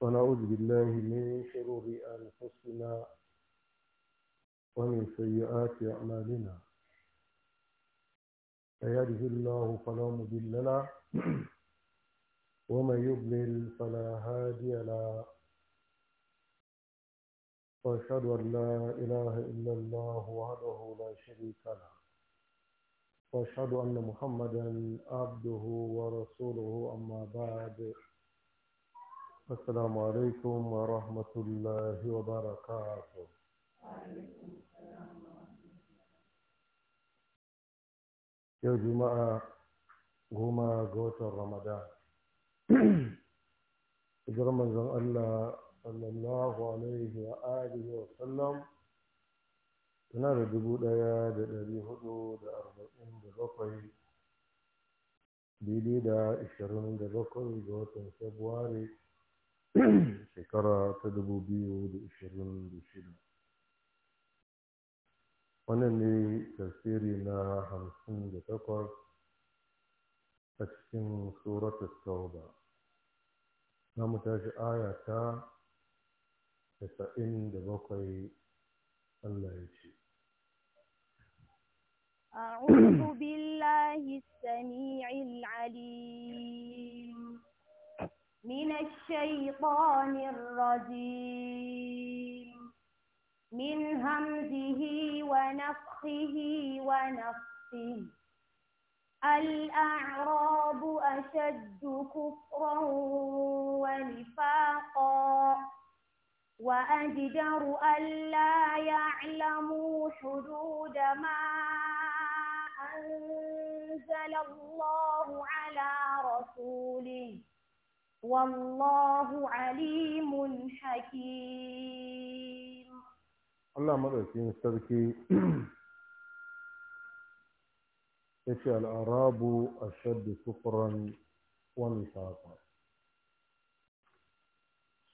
ونعوذ بالله من شرور أنفسنا ومن سيئات أعمالنا فيهده الله فلا مضل له ومن يضلل فلا هادي له وأشهد أن لا إله إلا الله وحده لا شريك له وأشهد أن محمدا عبده ورسوله أما بعد السلام عليكم ورحمة الله وبركاته yau juma'a goma ga watan ramadan hijirar manzon allah sallallahu alaihi wa alihi wa sallam tana da dubu ɗaya da ɗari hudu da arba'in da bakwai daidai da da bakwai shekara ta dubu biyu da da shida wannan ne tasiri na hamsin da takwas a cikin surata tauba na mu tashi aya ta tasa'in da bakwai allah ya ce أعوذ بالله السميع العليم من الشيطان الرجيم من همزه ونفخه ونفخه الأعراب أشد كفرا ونفاقا وأجدر ألا يعلموا حدود ما أنزل الله على رسوله wallahu alimun hakim Allah madaukin sarki yace al'arabu ashaddu kufran wa nifaqa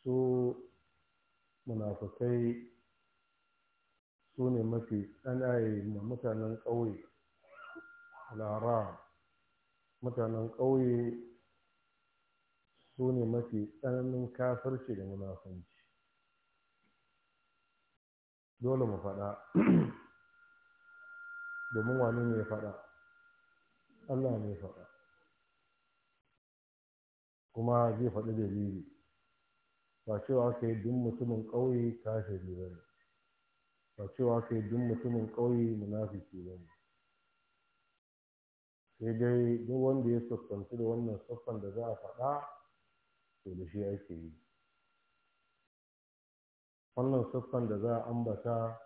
su munafikai su ne mafi ɗan'ayi ma mutanen ƙauye mutanen ƙauye su ne mafi tsananin kafirci da munafanci dole mu faɗa domin wani ne faɗa allah ne faɗa kuma zai faɗi dalili ba cewa ka yi duk mutumin ƙauye kashiri ba ne ba cewa ka yi duk mutumin ƙauye munafiki ba ne sai dai duk wanda ya sassanci da wannan saffan da za a faɗa to da shi ake yi wannan siffan da za a ambata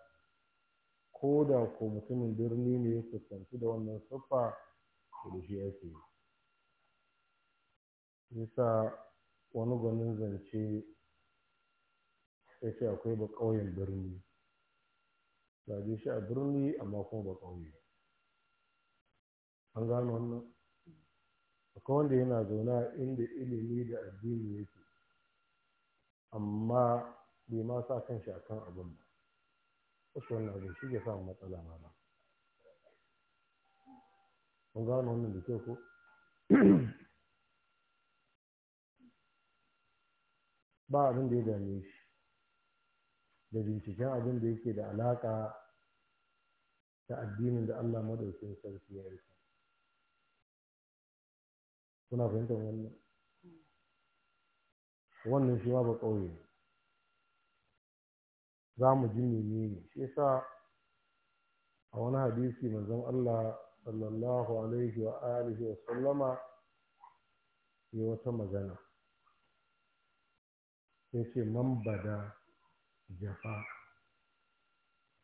ko da ko mutumin birni ne ya fuskanci da wannan siffa to da shi ake yi yasa wani gwanin zance ya ce akwai ba ƙauyen birni ba shi a birni amma kuma ba ƙauye an gano wannan akwai wanda yana zaune inda ilimi da addini yake amma bai ma sa kan shi kan abin ba wasu wannan abin shi ke samun matsala mana kun gano wannan da ko ba abin da ya dame shi da binciken abin da yake da alaka da addinin da Allah madaukin sarki ya yi suna fahimtar wannan wannan shi ma ba ƙauye za mu ji menene shi yasa a wani hadisi manzon Allah sallallahu alaihi wa alihi wa sallama ya wata magana ya ce man bada jafa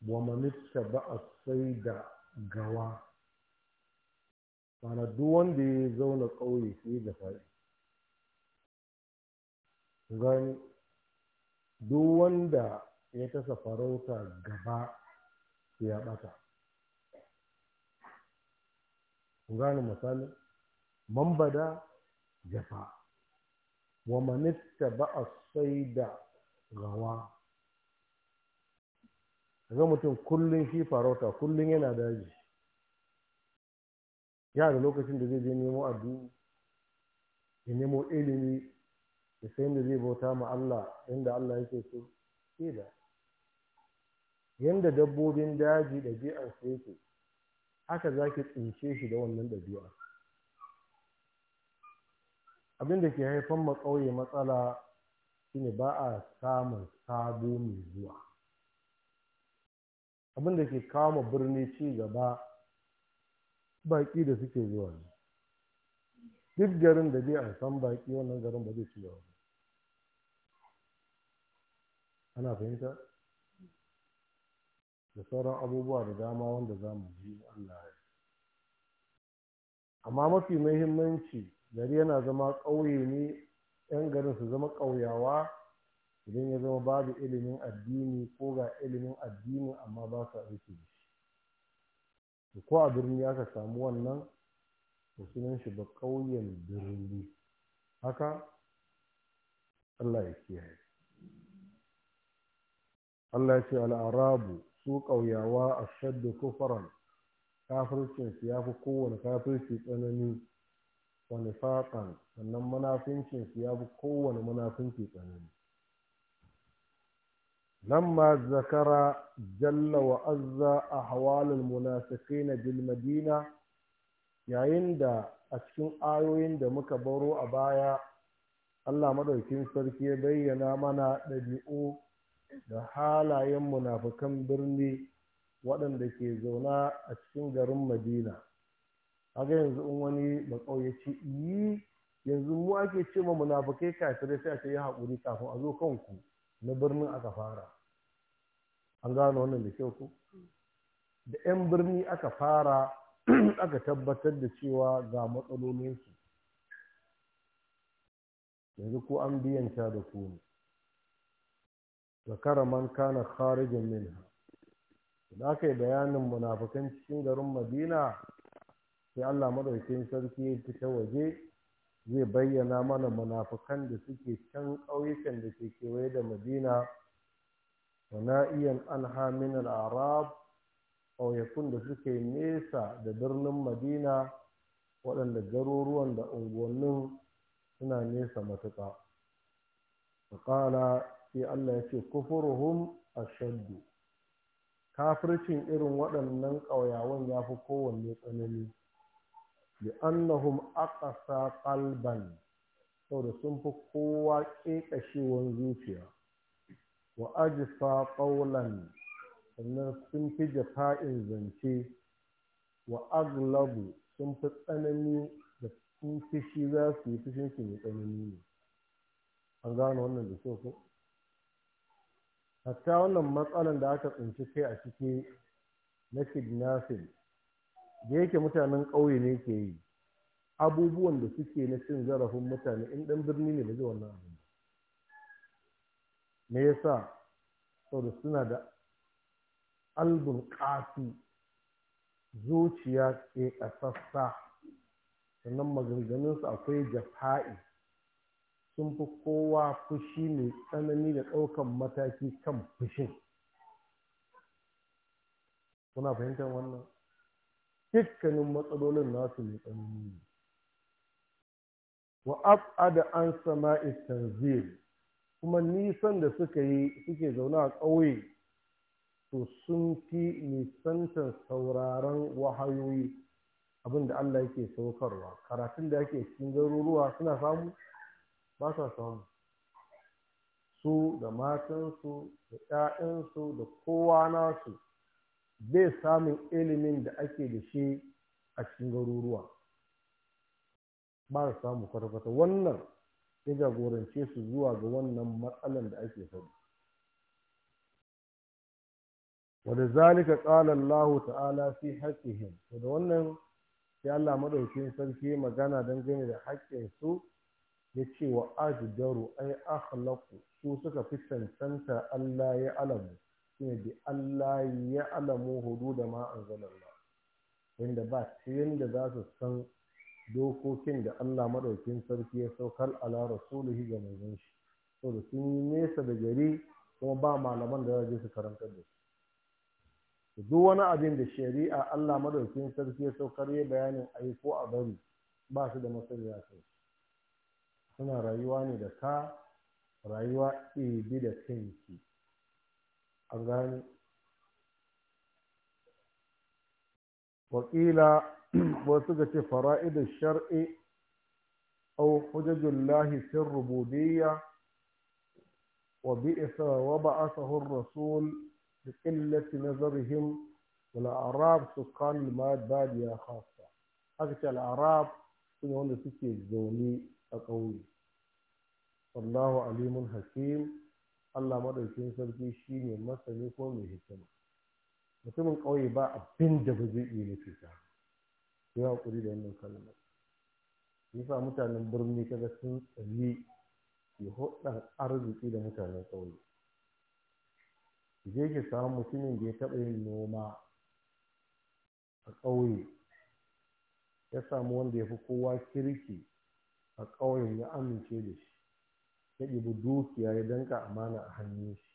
wa manitta ba a sai da gawa Mana duk wanda ya zauna ƙauye sai da faɗi gani duk wanda ya tasa farauta gaba ya ɓata gani misali mambada jafa wa manitta ba a sai da gawa ga mutum kullum shi farauta kullum yana daji Yara lokacin da zai je nemo addini ya nemo ilimi da sayan da zai bauta ma Allah inda Allah yake so ke da yanda dabbobin daji ɗabi'ar su yake haka za ki tsince shi da wannan ɗabi'a abin da ke haifan matsauye matsala shine ba a samun sabo mai zuwa abin da ke kama birni ci gaba baƙi da suke zuwa duk garin da bai a san baƙi wannan garin ba zai ci gaba ana fahimta da sauran abubuwa da dama wanda za mu ji Allah ya amma mafi muhimmanci gari yana zama ƙauye ne 'yan garin su zama ƙauyawa idan ya zama babu ilimin addini ko ga ilimin addini amma ba su aiki da shi ko a birni aka samu wannan to sunan shi ba ƙauyen birni haka Allah ya kiyaye Allah ya ce al'arabu su ƙauyawa a shadda kufaran su ya fi kowane kafirci tsanani wani faƙan sannan su ya fi kowane munafinci tsanani لما ذكر جل وعز أحوال المنافقين بالمدينة yayin da a cikin ayoyin da muka baro a baya Allah maɗaukin sarki ya bayyana mana ɗabi'u da halayen munafukan birni waɗanda ke zauna a cikin garin madina ga yanzu in wani makauyaci yi yanzu mu ake ce ma munafukai kafirai sai a ce ya haƙuri kafin a zo kanku na birnin aka fara an gano wannan da kyau ku? da 'yan birni aka fara aka tabbatar da cewa ga matsalolinsu yanzu ko an biyan biyanta da ku ne zakara man kana kharijin minha da aka yi bayanin munafukan cikin garin madina sai allah madaukakin sarki ya fita waje zai bayyana mana munafukan da suke can ƙauyukan da ke kewaye da madina wana'iyan anha min arab ƙauyakun da suke nesa da birnin madina waɗanda garuruwan da unguwannin suna nesa matuƙa faƙala sai allah ya ce kufuruhum ashaddu kafircin irin waɗannan ƙauyawan ya fi kowanne tsanani bi annahum aqsa qalban saboda sun fi kowa ƙeƙashewan zuciya wa ajfa qawlan sannan sun fi jafa'in zance wa aglabu sun fi tsanani da sun fishi za su yi fishin su mai tsanani ne an gano wannan da so ko hatta wannan matsalan da aka tsinci kai a ciki na kidnapping da yake mutanen ƙauye ne ke yi abubuwan da suke na cin zarafin mutane in ɗan birni ne da zai wannan abin me yasa saboda suna da albun ƙafi zuciya ke ƙasassa sannan maganganunsu akwai jafa'i sun fi kowa fushi mai tsanani da ɗaukan mataki kan fushin kuna fahimtar wannan dukkanin matsalolin nasu ne tsanani ne wa ab'ada an sama tanzil kuma nisan da suka yi suke zaune a ƙauye to sun fi nisantar sauraron wahayoyi abinda Allah yake saukarwa karatun da yake cikin garuruwa suna samu ba sa samu su da matansu da 'ya'yansu da kowa nasu Zai samun ilimin da ake da shi a cikin garuruwa ba su samu kwata-kwata wannan ya jagorance su zuwa ga wannan matsalan da ake faɗi wadda zalika ƙala Allah ta'ala fi haƙƙihim wadda wannan sai Allah maɗaukin sarki magana don dangane da haƙƙinsu ya ce wa ajidaru ai ahlaku, su suka fi cancanta Allah ya alamu shine bi Allah ya alamu hudu da ma anzalallah inda ba da za su san dokokin da Allah madaukin sarki ya saukar ala rasulihi ga manzon shi saboda sun yi nesa da gari kuma ba malaman da za su karantar da su duk wani abin da shari'a Allah madaukin sarki ya saukar ya bayanin aiko ko a bari ba su da masaniya sai suna rayuwa ne da ka rayuwa ibi da kanki an gani wakila wasu ga ce fara'idar shar'i au hujjajun lahi fin rububiyya wa bi'isa wa ba'asahur rasul da ƙillati nazarihim wal arab su kan badiya khassa haka ce al'arab su ne wanda suke zaune a ƙauye wallahu alimun hakim Allah madaukin sarki shi ne masani ko mai hikima mutumin ƙauye ba abin da ba zai iya nufi ta ya haƙuri da wannan kalmar yasa mutanen birni kaga sun tsaye ke hudar arziki da mutanen ƙauye Zai ke samun mutumin da ya taɓa yin noma a ƙauye ya samu wanda ya fi kowa kirki a ƙauyen ya amince da shi ya ɗibi dukiya ya danka amana a hannun shi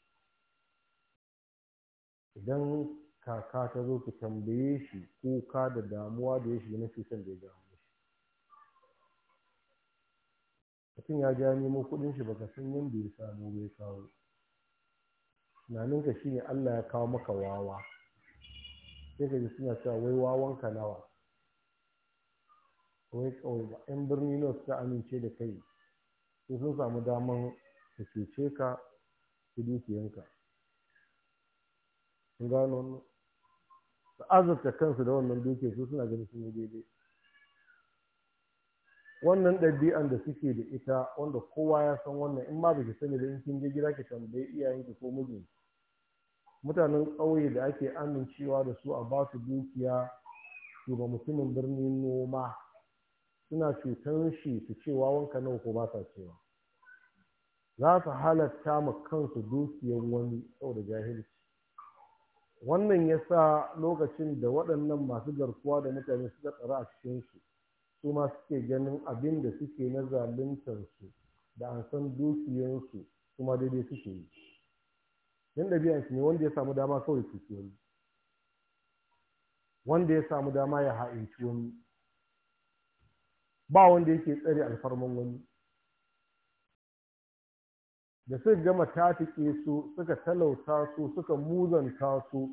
idan kaka ta zo ki tambaye shi kuka da damuwa da ya shiga na cutar da ya damu shi mutum ya ja nemo kuɗin shi baka san yadda ya samu bai kawo tunaninka shine Allah ya kawo maka wawa sai ka ji suna cewa wai wawanka nawa wai kawai ba 'yan birni nawa suka amince da kai sai sun samu daman su cece ka su dukiyanka sun gano wannan su azurta kansu da wannan dukiyar su suna ganin sun yi daidai wannan ɗabi'an da suke da ita wanda kowa ya san wannan in ma baki sani da in kin je gida ki tambayi iyayenki ko mijin mutanen ƙauye da ake amincewa da su a basu dukiya su ba mutumin birnin noma suna cutar shi su ce wanka nawa ko ba sa cewa za su halatta ma kansu dukiyar wani saboda jahilci wannan ya sa lokacin da waɗannan masu garkuwa da mutane suka tsara a cikinsu su ma suke ganin abin da suke na su, da an san dukiyarsu su ma daidai suke yi Yin ɗabi'ansu ne wanda ya samu dama kawai su wani wanda ya samu dama ya ha'inci wani ba wanda yake tsare alfarman wani da suka gama tatike su suka talauta su suka muzanta su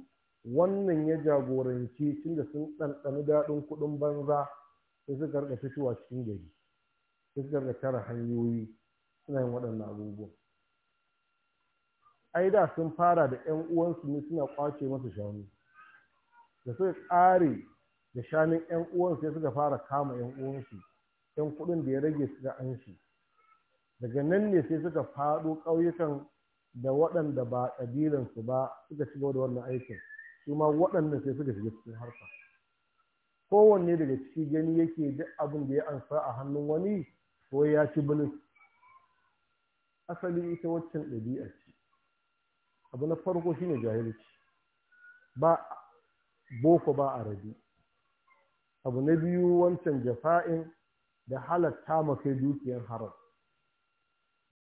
wannan ya jagoranci tunda sun ɗanɗani daɗin kuɗin banza sai suka rika fitowa cikin gari sai suka rika tara hanyoyi suna yin waɗannan abubuwan ai da sun fara da 'yan uwansu ne suna ƙwace masa shanu da suka ƙare da shanun 'yan uwansu sai suka fara kama 'yan uwansu 'yan kuɗin da ya rage su da an shi daga nan ne sai suka faɗo ƙauyukan da waɗanda ba ƙabilansu ba suka shigo da wannan aikin su ma waɗanda sai suka shiga cikin harka kowanne daga ciki gani yake duk abin da ya ansa a hannun wani ko ya ci bilis asali ita waccan ɗabi'a ce abu na farko shine jahilci ba boko ba rabi abu na biyu wancan jafa'in da halatta makai dukiyar haram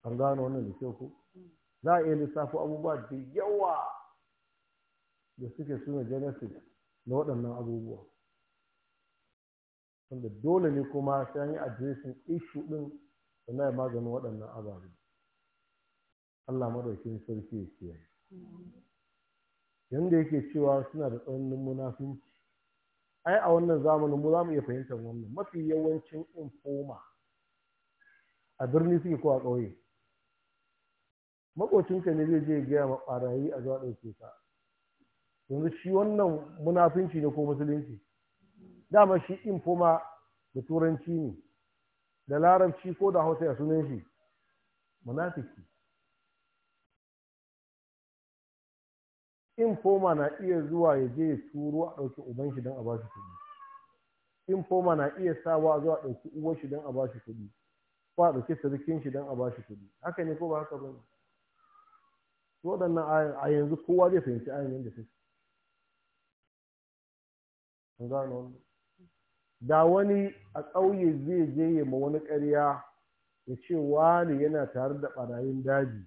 an gano wannan da kyau ko za a iya lissafo abubuwa da yawa da suke suna genesis na waɗannan abubuwa wanda dole ne kuma sai an yi adireshin ishu ɗin da na yi maganin waɗannan ababe Allah maɗaukin sarki ya kiyaye yanda yake cewa suna da tsananin munafinci ai a wannan zamanin mu za mu iya fahimtar wannan mafi yawancin infoma a birni suke ko a ƙauye makocinka ne zai je ya gaya ma barayi a zuwa ɗauke ka yanzu shi wannan munafinci ne ko musulunci dama shi infoma da turanci ne da larabci ko da hausa ya sunan shi munafiki infoma na iya zuwa ya je ya turo a ɗauki uban shi don a bashi kuɗi infoma na iya sawa zuwa ɗauki uwar shi don a bashi kuɗi ko a ɗauki sarkin shi don a bashi kuɗi haka ne ko ba haka ba ne su waɗannan a yanzu kowa zai fahimci ayin yadda su da wani a ƙauye zai je ya ma wani ƙarya ya cewa wani yana tare da ɓarayin daji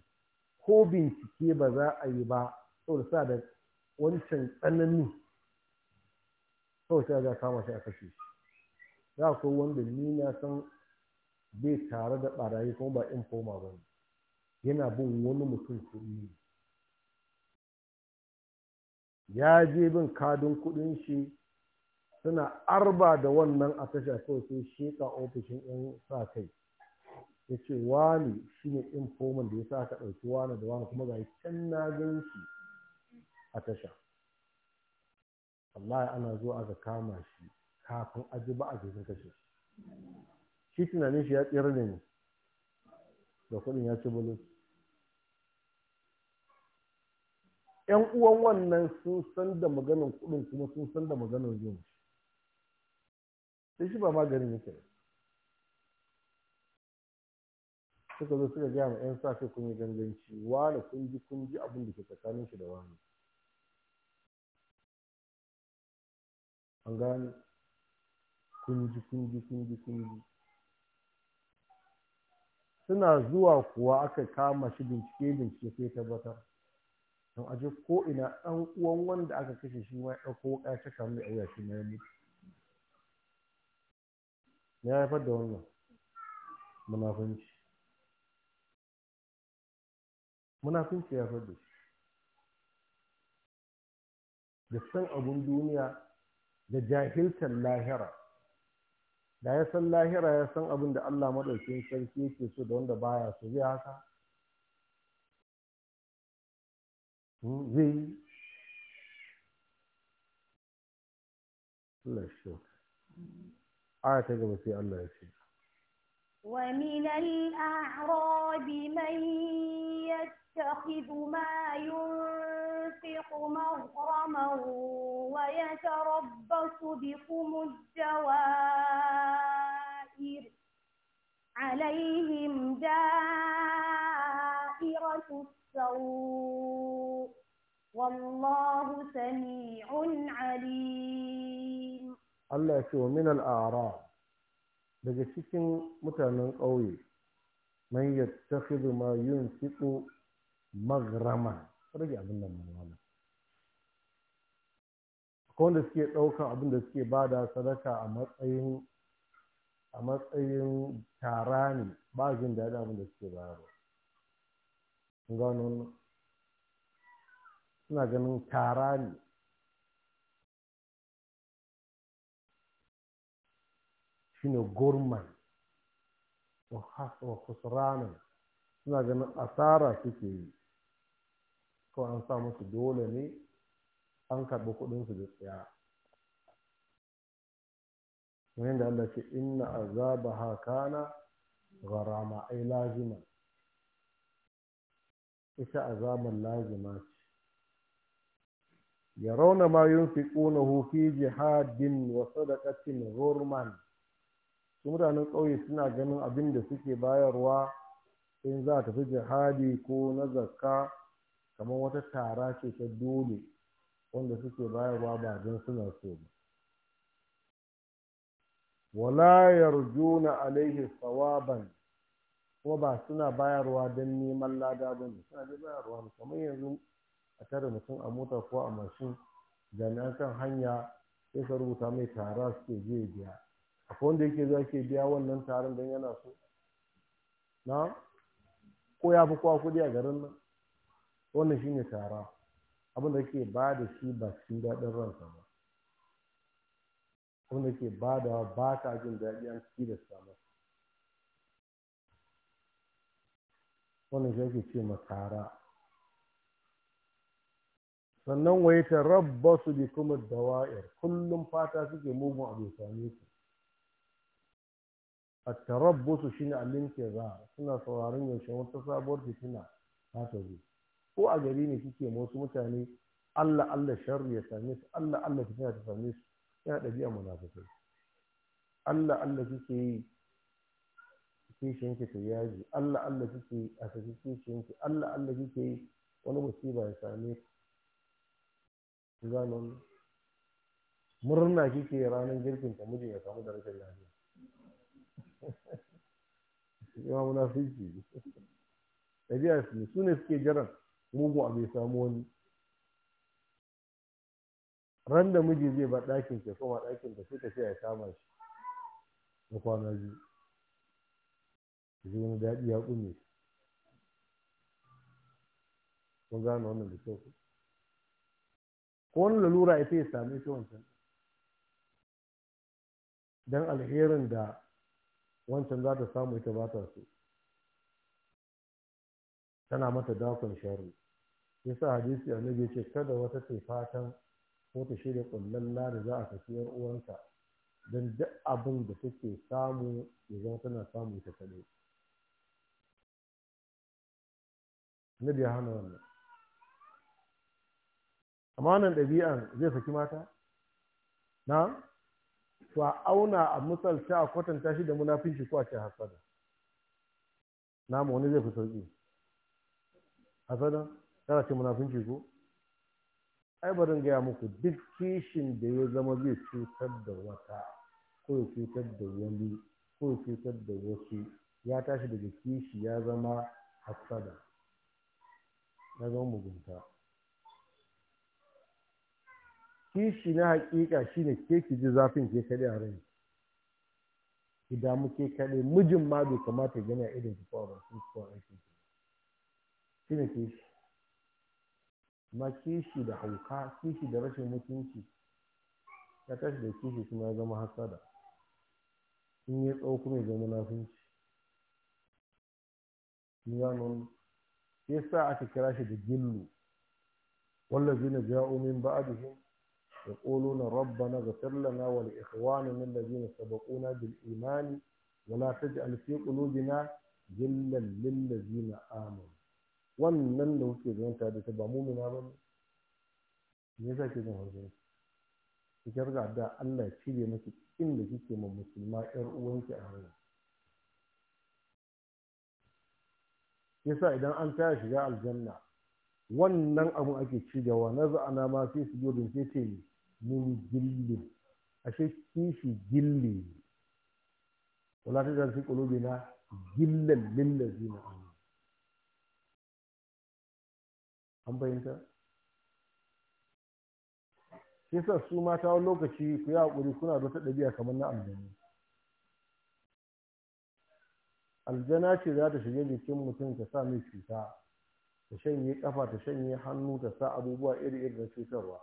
ko bincike ba za a yi ba saboda sa da wancan tsanani sau sai ga kama shi a kashe shi za so wanda ni na san bai tare da ɓarayi kuma ba in koma ba yana bin wani mutum kuɗi ya je bin kadin kudin shi suna arba da wannan a tasha kawai sai sheka ofishin yan sa kai ya ce wani shi ne informan da ya sa ka ɗauki wani da wani kuma ga can na gan shi a tasha Allah ana zuwa ga kama shi kafin aji ba a jikin kashe shi tunanin shi ya tsira ne da kuɗin ya ci bulus 'yan uwan wannan sun san da maganin kuɗin kuma sun san da maganin yin sai shi ba maganin yake da suka zo suka gaya ma 'yan safe kun yi ganganci wani kun ji kun ji abin da ke tsakanin shi da wani an gane kun ji kun ji kun ji kun ji suna zuwa kuwa aka kama shi bincike bincike sai tabbatar don aje ko ina ɗan uwan wanda aka kashe shi ma ya ɗauko wuƙa ta kamu da auya shi ma ya mutu ya haifar da wannan munafunci munafunci ya haifar da shi da san abun duniya da jahiltar lahira da ya san lahira ya san abin da Allah maɗaukin sarki yake so da wanda baya so zai haka V Allah shi aya في الله sai Allah ومن الأعراب من يتخذ ما ينفق مغرما ويتربص بكم الدوائر عليهم دائما دائرة السوء والله سميع عليم الله يسوع من الأعراب daga cikin mutanen ƙauye man yattakhidhu ma yin yunfiqu maghrama rage abin nan mana akwai wanda suke ɗaukan abin da suke bada sadaka a matsayin a matsayin tara ne ba jin daɗi abin da suke bayarwa ganin suna ganin tara ne shine gurman wa kusuranin suna ganin asara suke yi ko an sa musu dole ne an karɓi kuɗinsu da tsaya wani da Allah ce inna azaba hakana gharama ai lazima ita azaban lazima ce ya rauna ma na hufi jihadin wa sadaqatin Rurman, su mutanen ƙauye suna ganin abin da suke bayarwa in za ta fi jihadi ko na zakka kamar wata tara ce ta dole wanda suke bayarwa ba don suna so ba wala yarjuna alaihi sawaban ko ba suna bayarwa don neman lada ba ne suna dai bayarwa kamar yanzu a tare mutum a mota ko a mashin jami'an kan hanya sai ka rubuta mai tara suke zai biya a wanda yake zuwa ke biya wannan taron don yana so na ko ya fi kowa kuɗi a garin nan wannan shine tara abin da ke ba da shi ba cikin daɗin ransa ba abin da ke ba da ba ka jin daɗi an ciki da samu wannan shi ake ce makara sannan waye ta rabba su bi kuma dawa'ir kullum fata suke mugun abu ya same su a tarabbusu shine linke za suna sauraron yaushe wata sabuwar fitina ta ta zo ko a gari ne suke wasu mutane Allah Allah sharri ya same su Allah Allah fitina ta same su yana ɗabi'a munafikai Allah Allah suke yi kishiyanki ta yaji Allah Allah kike yi a saki kishiyanki Allah Allah kike yi wani musiba ya same ku gano murna kike ranar girkin ta mijin ya samu da rashin lafiya yawa munafiki ɗabi'a su su ne suke jiran mugun abu ya samu wani ran da miji zai ba ɗakin ke koma ɗakin ta sai ta sai ya kama shi na kwana biyu zai wani daɗi ya ƙunye shi kun gane wannan da kyau ku ko wani lalura ita ya same shi wancan don alherin da wancan za ta samu ita ba ta so tana mata dakon sharri sa hadisi annabi ce kada wata ce fatan ko ta shirya kullalla da za a tafi yar uwanta don duk abin da take samu zama tana samu ta kaɗai annabi ya hana wannan amma wannan ɗabi'an zai saki mata na to a auna a misalta a kwatanta shi da munafinci ko a ce hasada mu wani zai fi sauki hasada tana ce munafinci ko ai barin gaya muku duk kishin da ya zama zai cutar da wata ko ya cutar da wani ko ya cutar da wasu ya tashi daga kishi ya zama hasada na zama mugunta kishi na hakika shine ke ki ji zafin ke kaɗai a rai ki damu ke kaɗai mijin ma bai kamata gina irin ki kowa sun su kowa aiki shine kishi amma kishi da hauka kishi da rashin mutunci ya tashi da kishi kuma ya zama hasada in ya tsawo kuma ya zama munafunci ni shi yasa aka kira shi da gillu wallazi na ja'u min ba'dihim yaquluna rabbana ghfir lana wa li ikhwanina alladhina sabaquna bil imani wa la taj'al fi qulubina gillan lil ladzina amanu wannan da kuke ganin ta da ba mu'mina ba ne me yasa su? hanzo ki ga da Allah ya cire miki inda kike ma musulma yar uwanki a yau. yasa idan an taya shiga aljanna wannan abun ake ci da wa naza'ana ma su sujudin sai ce min gilli ashe kishi gilli wala ta jarfi na gillan lillazina amanu an bayyana yasa su mata ta lokaci ku yi haƙuri kuna da wata ɗabi'a kamar na aljanna aljana ce za ta shiga jikin mutum ta sa mai cuta ta shanye kafa ta shanye hannu ta sa abubuwa iri-iri na cutarwa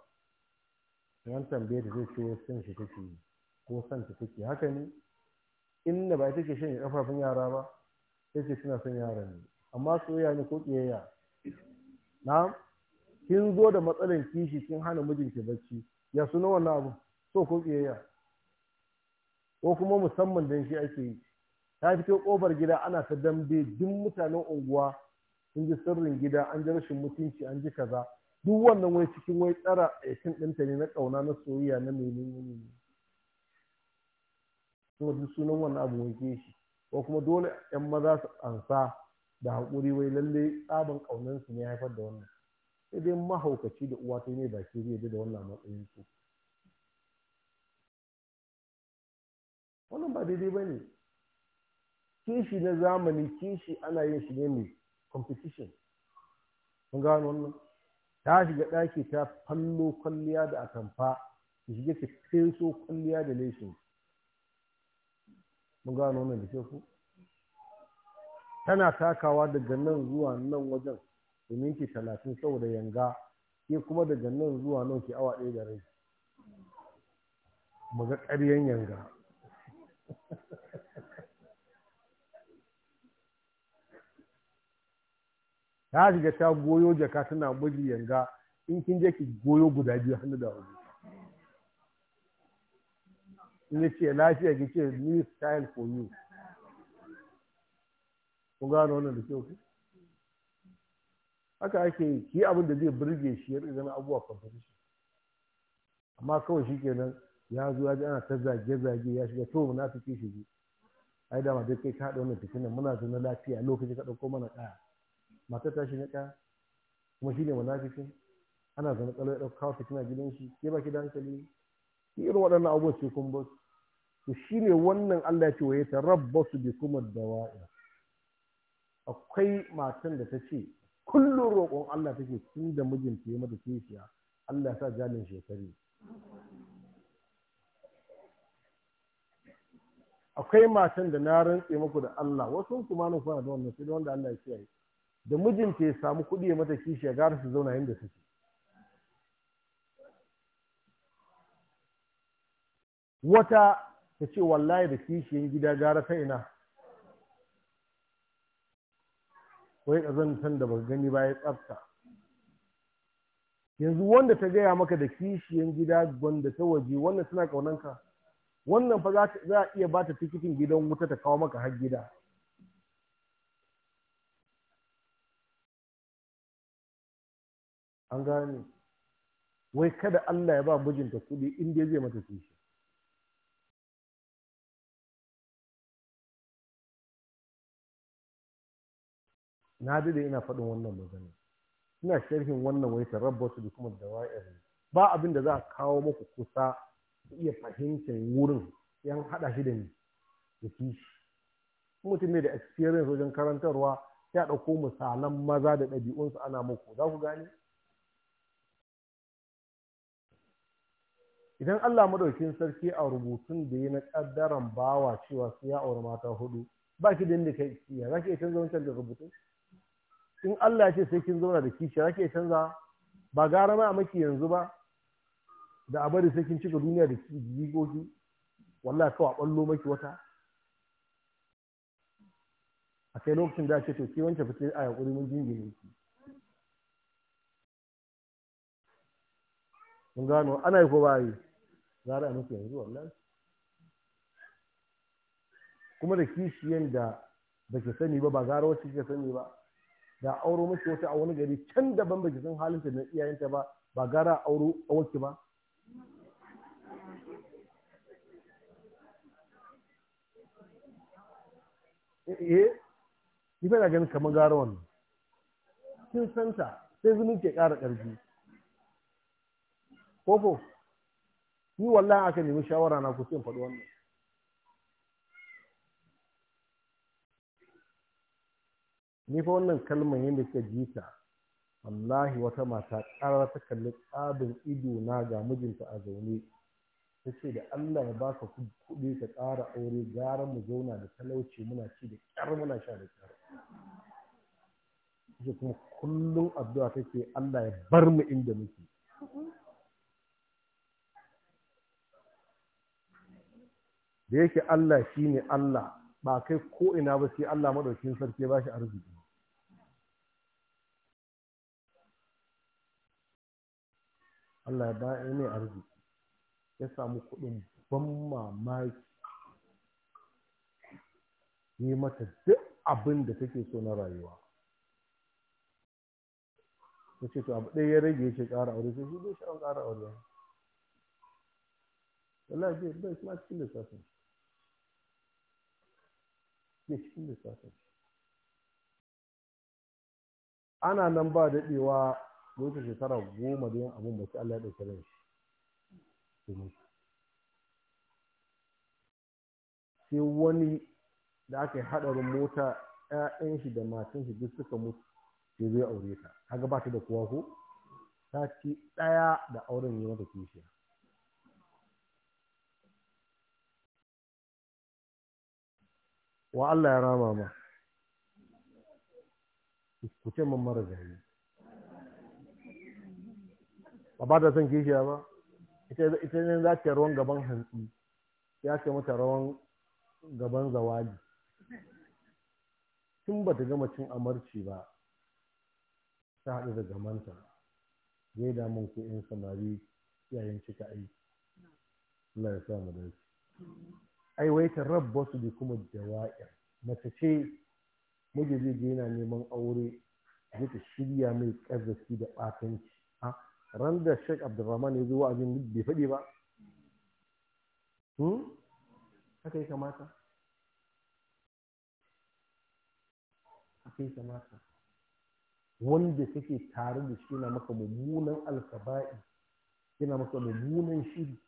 yan tambaye ta zai ce san shi take ko san ta take haka ne inda ba take shanye kafafun yara ba sai ce suna son yaran ne amma soyayya ne ko kiyayya na kin zo da matsalan kishi kin hana mijinki bacci ya suna wannan abu so ko kiyayya ko kuma musamman dan shi ake yi ta fito kofar gida ana ta dambe duk mutanen unguwa sun ji sirrin gida an ji rashin mutunci an ji kaza duk wannan wai cikin wai tsara yakin ɗinta ne na ƙauna na soyayya na menene ne kuma duk sunan wannan abu wanke shi ko kuma dole yan maza su ansa da haƙuri wai lalle tsaban ƙaunansu ne haifar da wannan sai dai mahaukaci da uwa ta ne baki zai da wannan matsayin su wannan ba daidai ba ne kishi na zamani kishi ana yin shi ne mai competition kun gano wannan ta shiga ɗaki ta fallo kwalliya da atamfa ta shiga ta feso kwalliya da leshin mun gano wannan da ku tana takawa daga nan zuwa nan wajen da minti talatin saboda yanga ke kuma daga nan zuwa nan ke awa ɗaya da rai mu ga ƙaryen yanga ta riga ta goyo jaka tana miji yanga in kin je ki goyo guda biyu hannu da wani in ya ce lafiya ki ce new style for you kun gano wannan da kyau haka ake yi ki abin da zai burge shi ya zama abubuwa competition amma kawai shi kenan ya zo ya ji ana ta zage-zage ya shiga to na fi shi ai da ma dai kai ka haɗa wannan fitinan muna zaune lafiya lokaci ka ɗauko mana ɗaya matar ta shi na ɗaya kuma shi ne munafikin ana zama tsalo ya ɗauka fitina gidan shi ke baki da hankali shi irin waɗannan abubuwa ce kun ba to shi ne wannan Allah ya ce waye ta rabba su bi kuma dawa'i akwai matan da ta ce kullum roƙon Allah ta ce tun da mijinta ya mata kishiya Allah ya sa jalin shekaru akwai matan da na rantse muku da Allah wasu kuma nan kuna da wannan sai wanda Allah ya ce da mijinta ya samu kuɗi ya mata kishi ya gara su zauna yadda suke wata ta ce wallahi da kishiyar gida gara ta ina wai ƙazantar da ba gani ba ya tsafta yanzu wanda ta gaya maka da kishiyan gida wanda ta waje wannan suna ƙaunanka wannan fa za a iya ba ta tikitin gidan wuta ta kawo maka har gida an gane wai kada Allah ya ba mijinta kuɗi in dai zai mata kishi na dade ina faɗin wannan magana ina sharhin wannan wai su da kuma dawa'ir ba abin da za a kawo maku kusa iya fahimtar wurin yan haɗa shi da ni da kishi mutum ne da experience wajen karantarwa ya ɗauko misalan maza da ɗabi'unsu ana muku za ku gane idan Allah madaukin sarki a rubutun da ya na kaddaran bawa cewa sai ya aure mata hudu ba ki da inda kai ya zaki iya canza wancan da rubutun in Allah ya ce sai kin zauna da kishi zaki iya canza ba gara ma a maki yanzu ba da a bari sai kin cika duniya da jigogi wallahi kawai a ballo maki wata a kai lokacin da ce to ki wancan fice a yakuri mun jingine ki mun gano ana yi ko ba yi gara muku yanzu wannan kuma da kishiyan da ba ki sani ba ba gara wacce kika sani ba da auro miki wata a wani gari can daban ba ki san halinta na iyayenta ba ba gara auro a wacce ba eh ni fa ganin kamar gara wannan kin san ta sai zumunci ke ƙara ƙarfi koko ni wallahi aka nemi shawara na kusa faɗi wannan ni fa wannan kalmar yadda suka ji ta wallahi wata mata ƙara ta kalli tsabin ido na ga mijinta a zaune ta ce da Allah ya baka kuɗi ka ƙara aure gara mu zauna da talauci muna ci da ƙyar muna sha da ƙyar kuma kullum addu'a take Allah ya bar mu inda muke da yake Allah shi ne Allah ba kai ko’ina ba sai Allah maɗaukin sarki ba shi arziki Allah ba ne arziki ya samu kuɗin ban mamaki yi mata duk abin da take so na rayuwa ya ce to abu ɗaya ya rage yake ƙara aure sai shi zai sha'awar ƙara aure wallahi bai shi ma cikin lissafin ana nan ba daɗewa lokacin shekara goma da yin abin ba sai Allah ya ɗauki ran shi sai wani da aka yi haɗarin mota 'ya'yan shi da matan shi duk suka mutu ya zo aure ta kaga ba ta da kowa ko sati ɗaya da auren yi mata kishiya wa Allah ya rama ma ku ce man mara gari ba ba da son kishiya ba ita ne za ta ruwan gaban hantsi ya ce mata ruwan gaban zawali tun ba ta gama cin amarci ba ta haɗu da gamanta zai damun ku 'yan samari yayin cika aiki Allah ya sa mu dace aiwaita rabba su bi kuma jawa'ir mace ce miji zai je yana neman aure zai ta shirya mai ƙarfafi da ɓatanci a ah, ran da shek abdurrahman ya zo wa'azin bai faɗi ba hmm? haka yi kamata haka yi kamata wanda kake tare da shi na maka mummunan alkaba'i yana maka mummunan shiri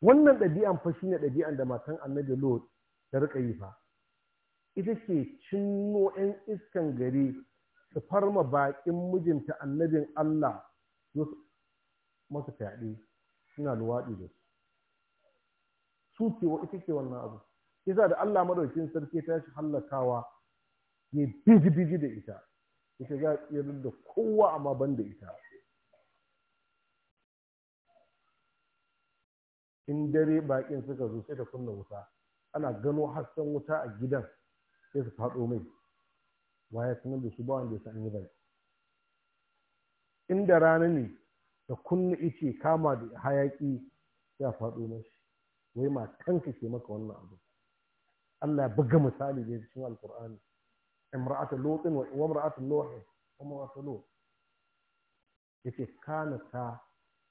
wannan ɗabi'an fa shine ɗabi'an da matan annabi lot ta rika yi fa ita ce cinno 'yan iskan gari su farma baƙin mijinta annabin Allah masu fyaɗe suna luwaɗi da su su wa ita ke wannan abu isa da Allah madaukin sarki ta shi hallakawa ne biji-biji da ita ita za a tsirar da kowa amma ban da ita in dare bakin suka zo sai ta kunna wuta ana gano hasken wuta a gidan sai su faɗo mai ya sanar da su ba wanda ya san yi bai inda rana ne da kunna ice kama da hayaki sai a faɗo mashi wai ma kanka ke maka wannan abu Allah ya buga misali da cikin alkur'ani imra'atu lutin wa imra'atu nuh wa imra'atu lut yace kana ta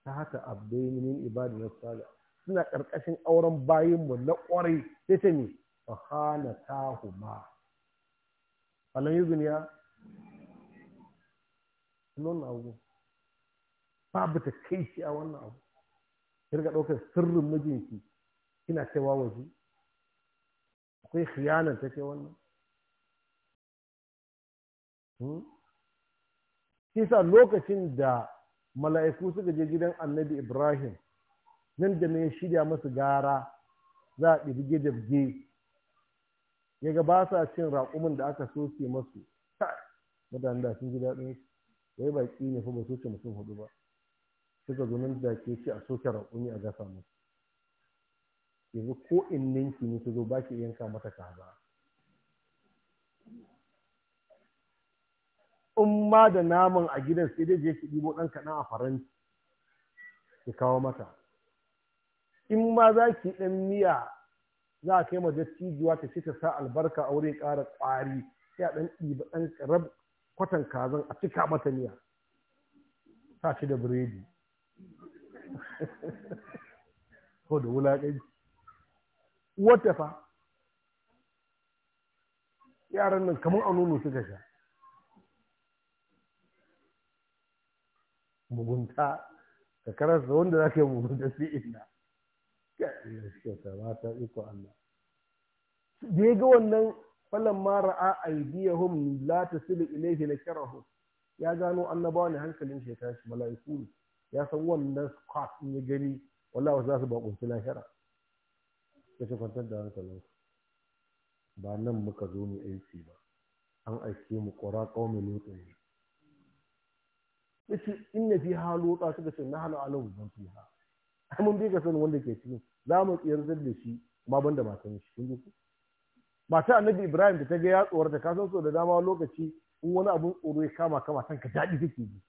ta haka abdaini min ibadina salih suna ƙarƙashin auren bayinmu na ƙwarai sai ce ne A hana ta huma falon yi duniya nuna abu babu ta kai shi a wannan abu kirga ɗaukar sirrin mijinki kina cewa waje akwai khiyanar ta ce wannan kisa hmm? lokacin da mala'iku suka je gidan annabi ibrahim nan da ya shirya masu gara za a ɗirge dabge ya ga ba sa cin raƙumin da aka soke masu mutane da sun ji daɗin su wai baƙi ne fa ba soke mutum hudu ba suka zo nan da ke ce a soke raƙumi a gasa musu yanzu ko in ninki ne ta zo ba ki yanka mata kaza in ma da naman a gidan sai dai je ki ɗibo ɗan kaɗan a faranti ki kawo mata in ma za ki ɗan miya za a kai dattijuwa ta ce ta sa albarka a wurin ƙara ƙwari sai a ɗan ɗiba ɗan rab kwatan kazan a cika mata miya sa shi da biredi ko da wulaƙanci wata fa yaran nan kamar a nono suka sha mugunta ka karasa wanda za ka yi mugunta sai inda mata iko Allah da ya ga wannan falan ma ra'a aydiyahum la tasilu ilayhi ya gano annabawa ne hankalin shi ya tashi mala'iku ne ya san wannan squat in ya gani wallahi za su ba kunci lahira ya ce kwantar da hankalin ba nan muka zo mu aiki ba an aike mu ƙura ƙaumin lutsin ne ya ce in na fi ha lutsa suka ce na hana alahu ban fi ha ka wanda ke cikin za mu zai da shi ma ban da matan shi kun ji mata annabi ibrahim da ta ga ya tsorata ka san so da dama lokaci in wani abun tsoro ya kama ka matan ka daɗi take ji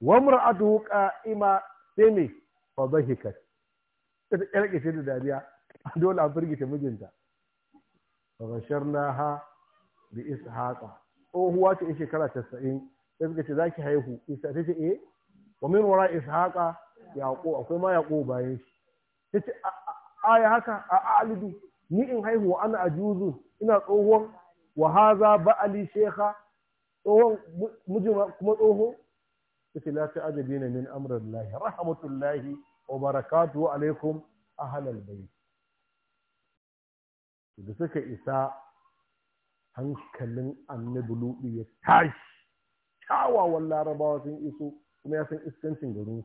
wa mar'atuhu qa'ima sai me fa dhahikat ta yarke ta da dariya dole a firgita mijinta fa basharnaha bi ishaqa tsohuwa ce shekara 90 sai suka ce zaki haihu isa ta ce eh wa min wara ishaqa yaqo akwai ma yaqo bayan shi ta ce aya haka a alidu ni in haihu ana ajuzu ina tsohon wa haza ba'ali shekha tsohon mijima kuma tsoho kace la ta'ajabina min amrillahi rahmatullahi wa barakatuhu alaikum ahlal bayt da suka isa hankalin annabi lubi ya tashi kyawawan larabawa sun iso kuma ya san iskancin garin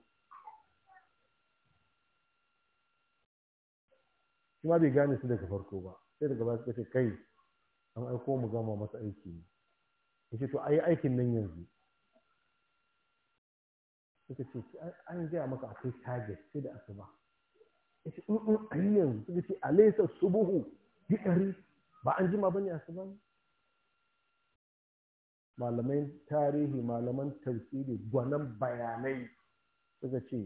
su ma bai gane su daga farko ba sai daga baya suka ce kai an aiko mu gama masa aiki ne yace to yi aikin nan yanzu suka ce an gaya maka akwai target sai da asuba yace in in yi yanzu suka ce alaysa subuhu bi ba an jima bane asuba ne malamai tarihi malaman tafsiri gwanan bayanai suka ce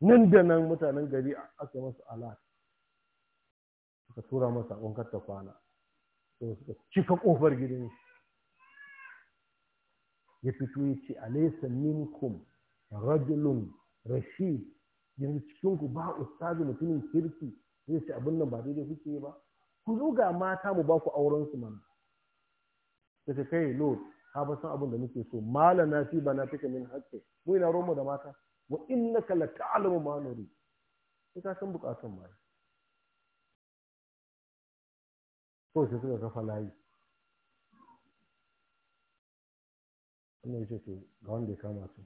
nan da nan mutanen gari aka masu alat suka tura masa ƙunkar ta kwana suka cika ƙofar gidan ya fito ya ce alaysa minkum rajulun rashid yanzu cikinku ba ustazi mutumin kirki zai ce abin nan ba daidai kuke ba ku zo ga mata mu ba ku auren su mana ta kai lord ka ba san abin da muke so mala na fi na fi kamin haƙƙi mu ina romo da mata wa innaka la ta'lamu ma nuri sai ka san bukatun ma so sai suka kafa layi wannan ya ce to ga wanda ya kama su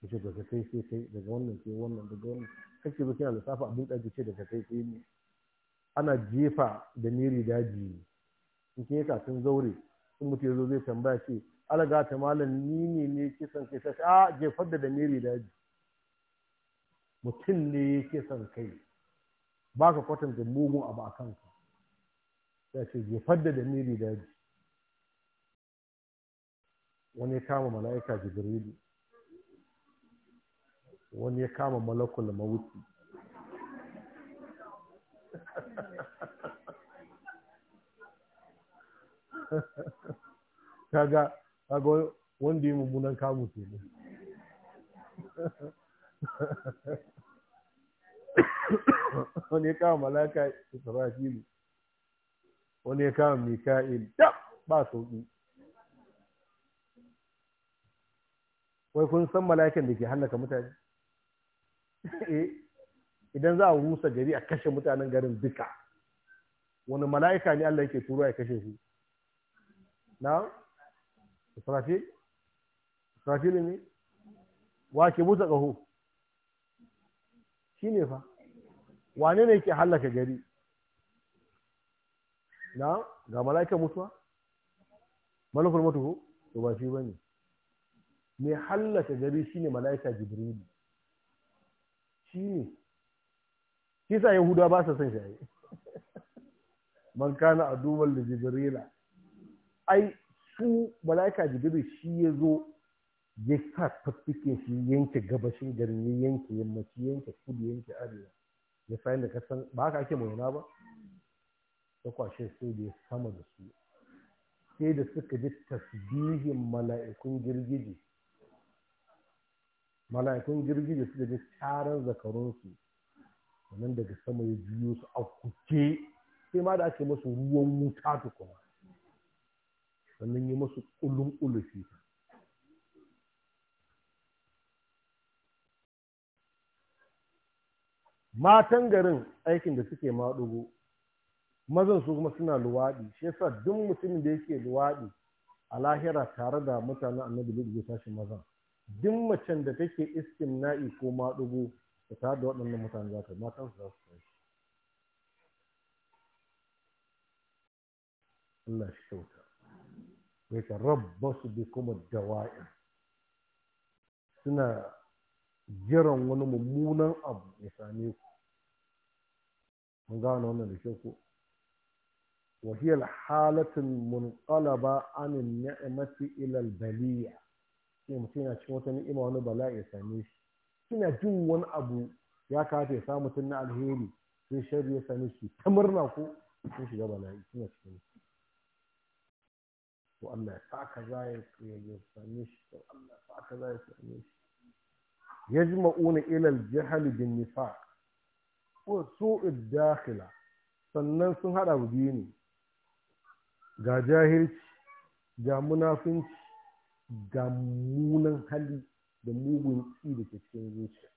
ya ce daga kai sai kai daga wannan sai wannan daga wannan kake zo kina lissafa abin da ce daga kai sai ne ana jefa da miri daji in ke ka sun zaure in mutum ya zo zai tambaya ce alaga ta malam ni ne ke kisan kai sai a jefar da damiri daji mutum ne ya kisan kai ba ka kwatanta mugun abu a kanka ya ce jefar da damiri daji wani ya kama mala'ika jibrilu wani ya kama malakul mawuti kaga kaga wanda ya mummunan kamu ke ne wani ya kama malaka israfili wani ya kama mika'il da ba sauƙi wai kun san mala'ikan da ke hannaka mutane eh, idan za a rusa gari a kashe mutanen garin duka wani mala'ika ne Allah yake turo ya kashe su na Israfil? Israfil ne? Wa ke buta ƙaho? Shi ne fa. Wane ne ke hallaka gari? Na, ga mala'ikan mutuwa? Malakul mutu ko? To ba shi ba ne. Mai hallaka gari shi ne mala'ika Jibrilu. Shi ne. Shi sa Yahudawa ba sa son shi Man kana a duban da Jibrila. Ai, su mala'ika jibril shi ya zo ya sa fafike shi yanke gabashin garin ya yanke yammaci yanke kudu yanke arewa ya sa da kasan ba haka ake mauna ba ya kwashe sai da ya sama da su sai da suka ji tasbihin mala'ikun girgije mala'ikun girgije da ji tarar su sannan daga sama ya biyo su a kuke sai ma da ake masu ruwan wuta tukuna sannan yi masu ƙullun ƙulufi matan garin aikin da suke maɗugo mazan su kuma suna luwaɗi shi yasa duk mutumin da yake luwaɗi a lahira tare da mutanen annabi da zai tashi mazan duk macen da take na'i ko maɗugo da tare da waɗannan mutane za ta matan su za su Allah shi kyauta ya tarabbasu bi kuma dawa'ir suna jiran wani mummunan abu ya same ku mun gano wannan da ku وهي الحالة المنقلبة عن النعمة إلى البلية sai mutum yana cikin wata ni'ima wani bala'i ya same shi Suna jin wani abu ya kafa ya samu mutum na alheri sai shari ya same shi ta murna ko sun shiga bala'i suna cikin to Allah ya sa ka za yi same shi to Allah ya sa ka za ya same shi yajma'una ila al-jahl bin nifaq wa su'id dakhila sannan sun hada biyu ne ga jahilci ga munafinci ga munan hali da mugun ƙi da ke cikin zuciya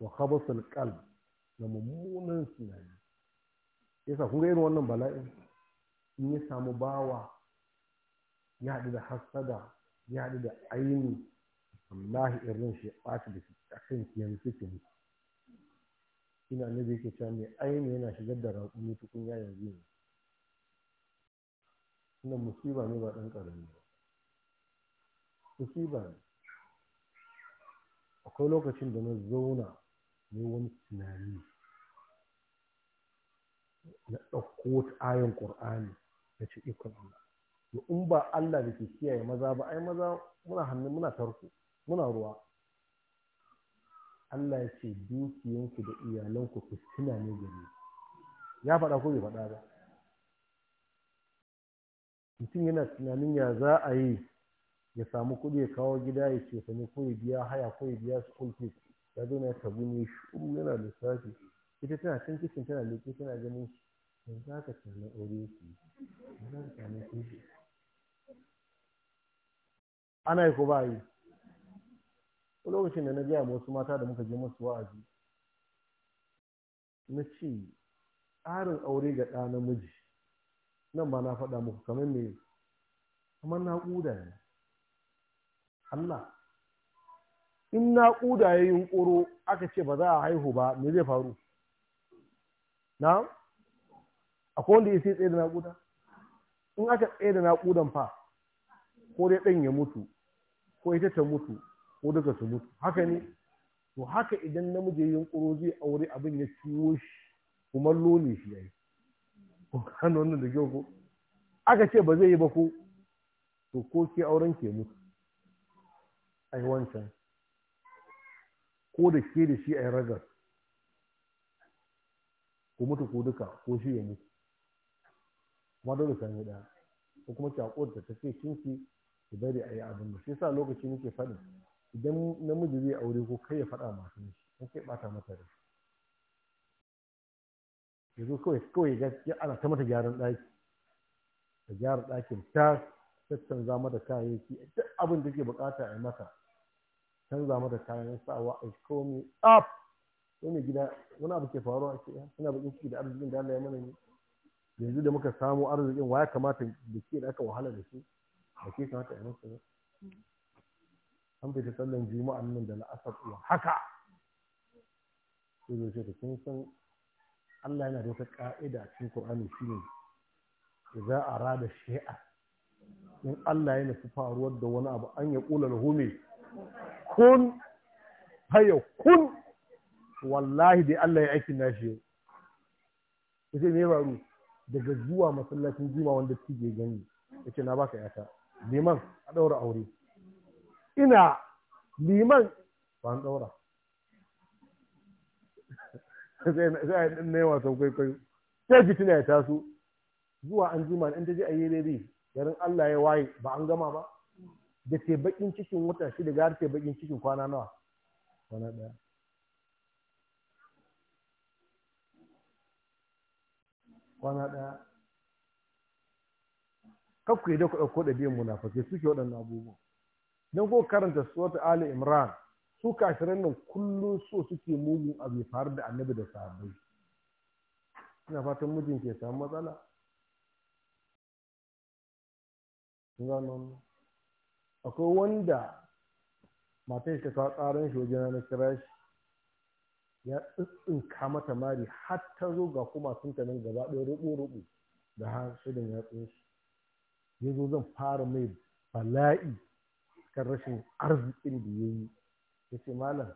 wa khabasul qalb da mummunan tunani yasa kun ga irin wannan bala'in in ya samu bawa ya haɗu da hassada ya haɗu da aini Allah irin shi ɓaci da shi, a kan kiyan cikin ina ne da yake cewa mai aini yana shigar da raƙumi tukun ya yanzu ne ina musiba ne ba ɗan ƙarami ba musiba ne akwai lokacin da na zauna ne wani tunani na ɗauko ta ayon ƙur'ani na ce ikon Allah to in ba Allah da ke kiyaye maza ba ai maza muna hannu muna tarko muna ruwa Allah ya ce dukiyanku da iyalanku fitina ne gare ya faɗa ko bai faɗa ba mutum yana tunanin ya za a yi ya samu kuɗi ya kawo gida ya ce sani ko ya biya haya ko ya biya su kulfi ya zo na tabu ne shuru yana lissafi ita tana cin kicin tana leƙe tana ganin shi ba za ka sami aure ki ba za ka sami kuɗi ana yi ko ba yi lokacin da na gaya wasu mata da muka je musu wa'azi na ce tsarin aure ga ɗa namiji nan ba na faɗa muku kamar me kamar naƙuda ne Allah in naƙuda ya yi yunƙuro aka ce ba za a haihu ba me zai faru na akwai wanda ya sai tsaye da naƙuda in aka tsaye da naƙudan fa ko dai ɗan ya mutu ko ita ta mutu ko duka su mutu haka ne to haka idan namiji yin ƙuro zai aure abin ya ciwo shi kuma lone shi ya yi. ko kano wannan da kyau ko aka ce ba zai yi ba ko to ko ke auren ke mutu yi wancan ko da ke da shi ai ragar ko mutu ko duka ko shi ya mutu kuma dole sai yi ɗaya ko kuma ki haƙura ta ce kinki ki bari a yi abin da shi yasa lokaci nake faɗin idan namiji zai aure ko kai ya faɗa masu shi ko kai ɓata mata da ya zo kawai kawai gaskiya ana ta mata gyaran ɗaki ta gyara ɗakin ta tattanza mata kayayyaki duk abin da ke bukata a yi mata canza mata kayan sawa a komi up wani gida wani abu ke faruwa ke suna bakin ciki da arzikin da Allah ya mana ne yanzu da muka samu arzikin waya kamata da ke da aka wahala da shi da ke kamata a an fita sallan juma'an nan da la'asar uwa haka sai zai kun san Allah yana da wata ka'ida a cikin Qur'ani shine rada arada shi'a in Allah ya nufi faruwar da wani abu an ya kula da hume kun hayo kun wallahi dai Allah ya aikin nashi yau sai me faru daga zuwa masallacin juma wanda suke gani ya ce na baka yata liman a ɗaura aure ina liman ba an ɗaura sai a yi ne wasan kwaikwayo sai fitina ya taso zuwa an juma in ta je a yi daidai garin Allah ya waye ba an gama ba da ke bakin cikin wata shida ga ke bakin cikin kwana nawa kwana ɗaya kwana ɗaya kaf ku dauka ɗauko ɗauko biyan munafakai suke waɗannan abubuwan don ko karanta suwata ali imran su kafiran nan kullum so suke mugun abu ya faru da annabi da sahabbai ina fatan mijin ke samu matsala akwai wanda matan shi ta kawo tsarin shi wajen na kira shi ya tsintsinka mata mari har ta zo ga kuma sun nan gaba ɗaya rubu-rubu, da har shirin ya tsinsu ya zo zan fara mai bala'i kan rashin arzikin da ya yi ya ce malam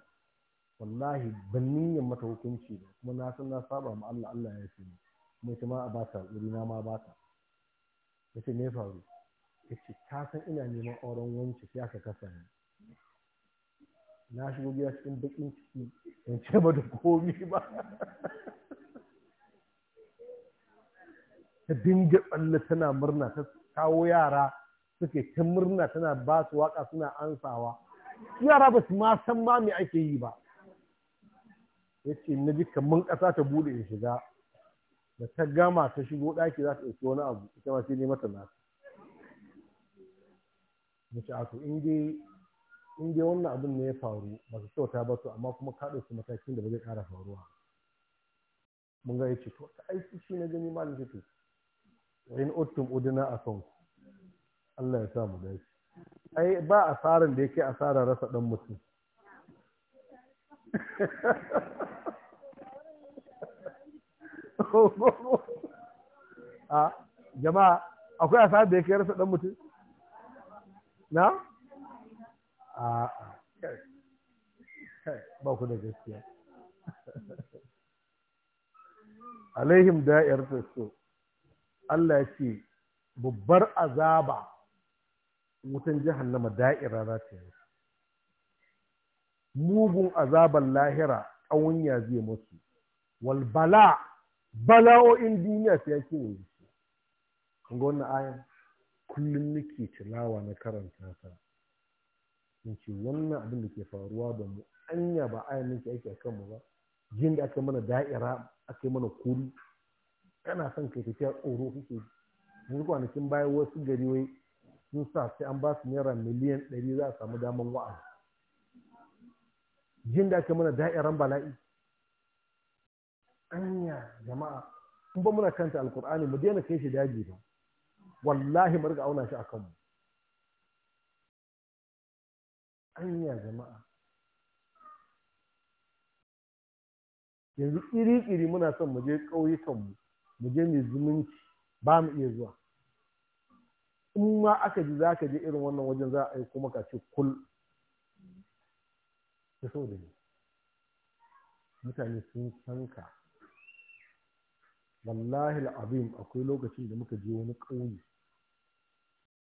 wallahi ban niyyar mata hukunci ba kuma na san na saba ma Allah Allah ya ce kuma ita ma a ba wuri na ma ba ya ce me faru ya ce ta san ina neman auren wanci ya ka kasa ne na shigo gida cikin bakin ciki in ce ba da komi ba ta dinga tsalle tana murna ta kawo yara suke ta murna tana ba su waka suna ansawa yara ba su ma san ma me ake yi ba ya ce na ji kamar ƙasa ta bude in shiga da ta gama ta shigo ɗaki za ta ɗauki wani abu ita ma sai ne mata na. Mace a to in dai in dai wannan abin ne ya faru ba su kyauta ba su amma kuma ka su matakin da ba zai ƙara faruwa mun ga yace to ta aiki shi na gani malam yace wa in uttum udna afan Allah ya sa mu dace ai ba asaran da yake asara rasa dan mutum a ah, jama'a akwai asarar da yake rasa dan mutum na a'a ba ku da gaskiya alaihim da'ir ta so Allah ce babbar azaba wutan jahannama da'ira za ta yi mugun azaban lahira ya zai musu Walbala, bala bala'o'in duniya sai ya ce ne kun ga wannan ayan kullum nake tilawa na karanta ta ce wannan abin da ke faruwa da mu anya ba a yanin ke aiki a kanmu ba jin da aka mana da'ira aka yi mana kuri kana son kai tafiya tsoro kake yanzu kwanakin baya wasu gari wai sun sa sai an ba su naira miliyan ɗari za a samu daman wa'azi jin da aka mana da'iran bala'i anya jama'a in ba muna kanta alkur'ani mu daina kai shi daji ba wallahi mu riga auna shi a kanmu anya jama'a yanzu iri-iri muna son muje je ƙauyukanmu mu muje mai zumunci ba mu iya zuwa in ma aka ji za ka je irin wannan wajen za a yi kuma ka ce kul ta sau da mutane sun san ka wallahi al'azim akwai lokacin da muka je wani ƙauye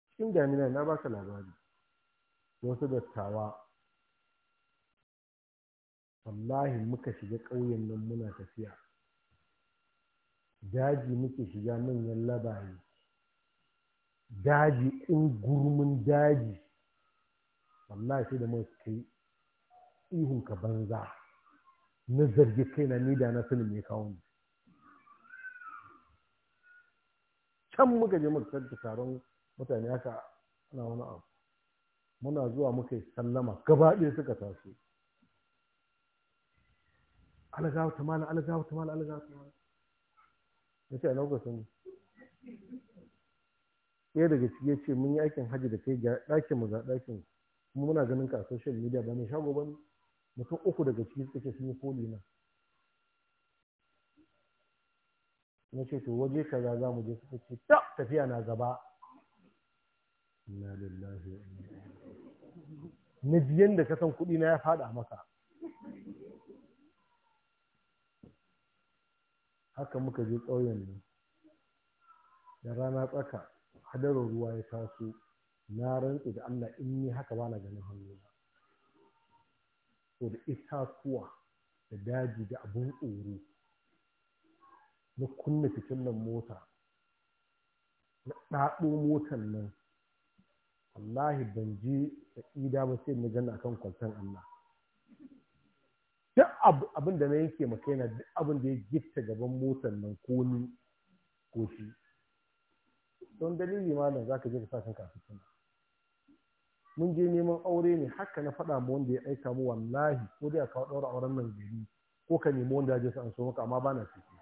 cikin damina na baka labari wasu dattawa wallahi muka shiga ƙauyen nan muna tafiya daji muke shiga manyan labaye daji in gurmin daji wallahi sai da mai kai ihun ka banza na zargi kaina ni da na sunan mai kawo ni can muka je muka taron mutane haka ana wani abu muna zuwa muka yi sallama gaba ɗaya suka taso algawta mala algawta mala algawta mala ya ce a nauka sani ɗaya daga ciki ya ce mun yi aikin hajji da kai ɗakin mu ga ɗakin kuma muna ganin ka a social media ba mai shago ba ne mutum uku daga ciki suka ce sun yi foli na na ce to waje kaza za mu je suka ce ta tafiya na gaba na lillahi wa na biyan da ka san kuɗi na ya faɗa maka haka muka je ƙauyen ne da rana tsaka hadarin ruwa ya taso na rantse da Allah in ni haka ba na ganin hannuna to da itatuwa da daji da abun tsoro na kunna fitilan mota na ɗaɗo motan nan wallahi ban ji ƙida ba sai na gana akan kwanton Allah duk abin da na yanke maka yana duk abin da ya gifta gaban motar nan ko ni ko shi don dalili malam za ka je ka sa kanka fitina mun je neman aure ne haka na faɗa mu wanda ya aika mu wallahi ko dai a kawo ɗaura auren nan gari ko ka nemi wanda ya je an so maka amma ba na ciki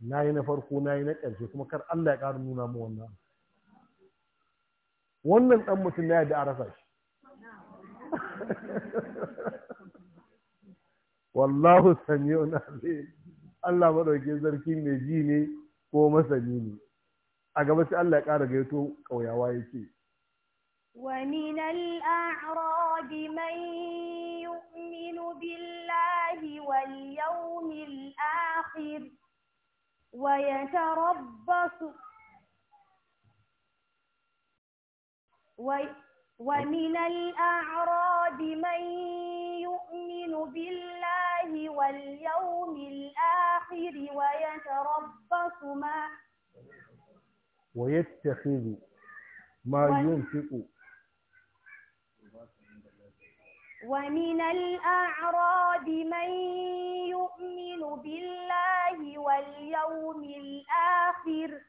na yi na farko na yi na ƙarshe kuma kar Allah ya ƙara nuna mu wannan wannan ɗan mutum na yadda a rasa shi wallahu sami'un alim Allah madaukakin sarki mai ji ne ko masani ne a gaba sai Allah ya ƙara gaito ƙauyawa ya ce ومن الأعراب من يؤمن بالله واليوم الآخر ويتربص ومن الأعراب من يؤمن بالله واليوم الآخر ويتربص ما ويتخذ ما ينفق ومن الأعراب من يؤمن بالله واليوم الآخر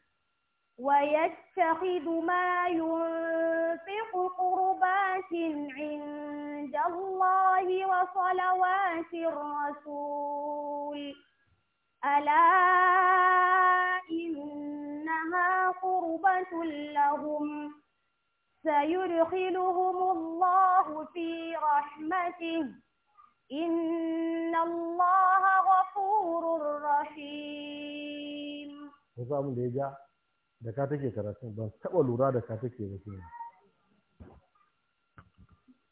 ويتخذ ما ينفق قربات عند الله وصلوات الرسول ألا إنها قربة لهم سيدخلهم الله في رحمته إن الله غفور رحيم da ka take karatun ban taɓa lura da ka take ba kenan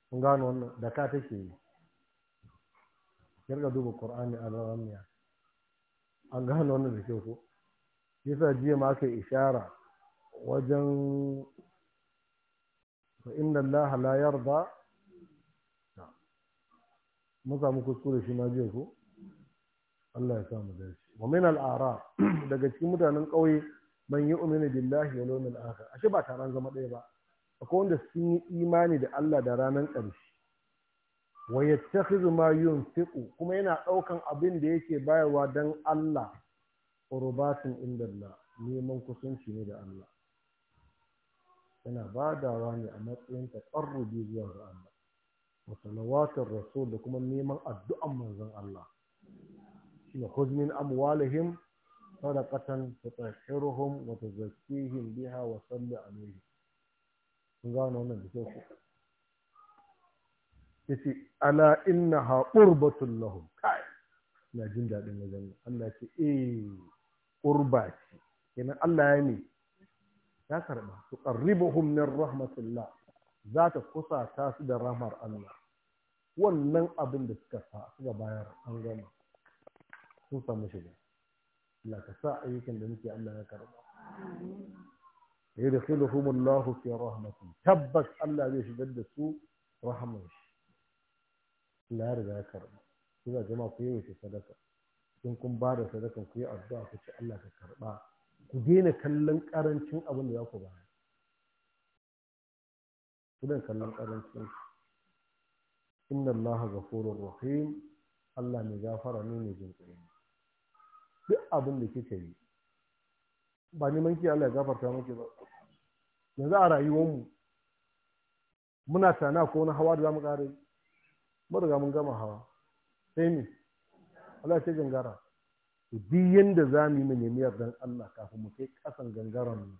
kun gano wannan da ka take yi kirga duba qur'ani a ramiya an gano wannan da kyau ko yasa jiya ma aka ishara wajen fa inna allaha la yarda mun samu kuskure shi ma jiya ko Allah ya samu dace wa min al-ara daga cikin mutanen ƙauye man yi umini billahi wa lomin akhir ashe ba taron zama ɗaya ba akwai wanda sun yi imani da Allah da ranar ƙarshe wa yattakhidhu ma yunfiqu kuma yana ɗaukan abin da yake bayarwa don Allah inda indallah neman kusanci ne da Allah yana badawa ne a matsayin taqarrubi zuwa ga Allah wa rasul da kuma neman addu'an manzon Allah shine huzmin amwalihim sadaqatan tutahhiruhum wa tuzakkihim biha wa salli alaihim kun gano wannan da kyau yace ala innaha qurbatul lahum kai ina jin daɗin wajen Allah ya ce eh qurba ce kenan Allah ya ne ya karba tuqarribuhum min rahmatillah za ta kusata su da rahmar Allah wannan abin da suka sa suka bayar an gama sun samu shiga Allah ka sa ayyukan da muke Allah ya karba yadkhuluhum Allah fi rahmati tabbas Allah zai shigar da su rahman shi Allah ya riga ya karba kuma jama'a ku yi sadaka in kun ba da sadakan ku yi addu'a ku ce Allah ka karba ku daina kallon karancin abin da za ku bayar ku daina kallon karancin inna Allah ghafurur rahim Allah mai gafara ne mai jinƙai duk abin da kika yi ba neman ki Allah ya gafarta miki ba yanzu a mu muna tana ko na hawa da zamu kare mu riga mun gama hawa sai ni Allah ya ce gangara duk yanda za mu yi mu nemi Allah kafin mu kai kasan gangaran mu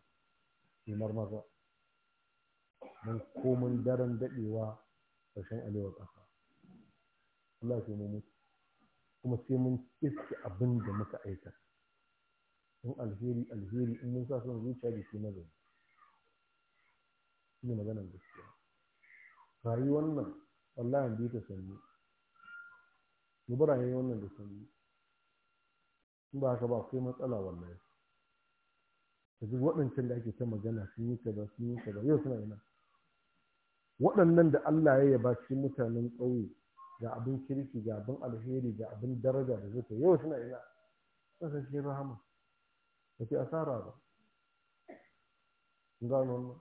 ke marmaza mun komun daren dadewa ƙarshen alewar kasa Allah ya mu mutu kuma sai mun iske abin da muka aika in alheri alheri in mun sa son zuciya da shi nazari shi ne maganar gaskiya rayuwar nan wallahi bi ta sanni mu bi rayuwar wannan da sanni in ba haka ba akwai matsala wallahi ka ji waɗancan da ake ta magana sun yi kaza sun yi kaza yau suna ina waɗannan da Allah ya yaba cikin mutanen ƙauye ga abin kirki ga abin alheri ga abin daraja da zai yau suna ina suna shi rahama da ke asara ba gano wannan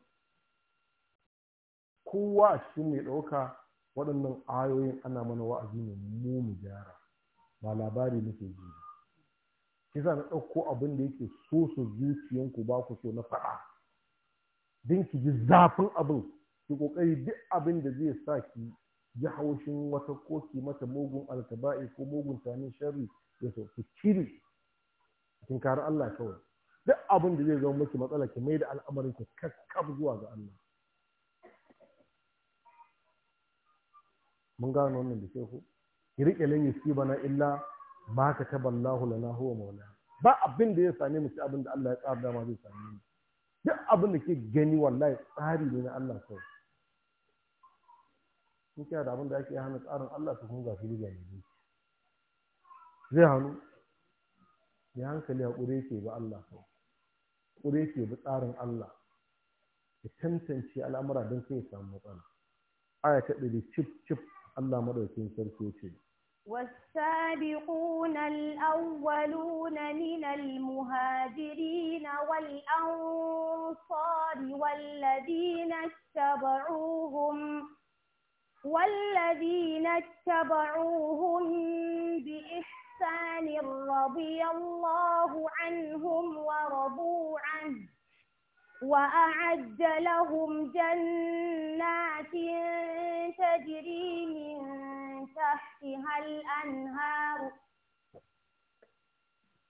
kowa a cikin mai ɗauka waɗannan ayoyin ana mana wa'azi ne mu mu gyara ba labari muke ji ba na ɗauko abin da yake so su zuciyanku ba ku so na faɗa dinki ji zafin abin ki ƙoƙari duk abin da zai sa ki ji haushin wata ko ki mata mugun alkaba'i ko mugun tani sharri ya so ki cire kin kare Allah kawai duk abin da zai zama miki matsala ki mai da al'amarin ki kakkab zuwa ga Allah mun gano wannan da ke ku ki rike lan bana illa ma taballahu lana huwa maulana ba abin da ya same mu sai abin da Allah ya tsara dama zai same mu duk abin da ke gani wallahi tsari ne na Allah kawai in kina da abin da ake hana tsarin Allah su kuma ga fili ga ne zai hannu ya hankali a ƙure ke ba Allah kawai ƙure ke bi tsarin Allah ya tantance al'amura don kai samu matsala aya ta ɗari cif cif Allah maɗaukin sarki ce والسابقون الأولون من المهاجرين والأنصار والذين اتبعوهم والذين اتبعوهم بإحسان رضي الله عنهم ورضوا عنه وأعد لهم جنات تجري من تحتها الأنهار